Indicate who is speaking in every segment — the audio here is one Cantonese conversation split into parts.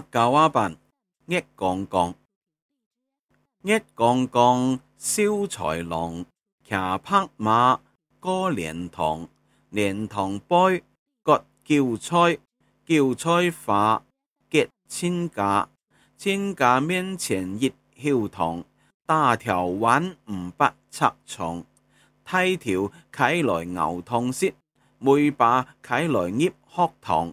Speaker 1: 客家話版，月光光，月光光，秀才郎，騎白馬，過蓮塘，蓮塘背，割韭菜，韭菜花，結親家，親家面前一口塘，打條鯇魚八尺長，大頭拿來熬湯食，尾巴拿來入學堂。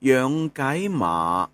Speaker 1: 養雞嬤。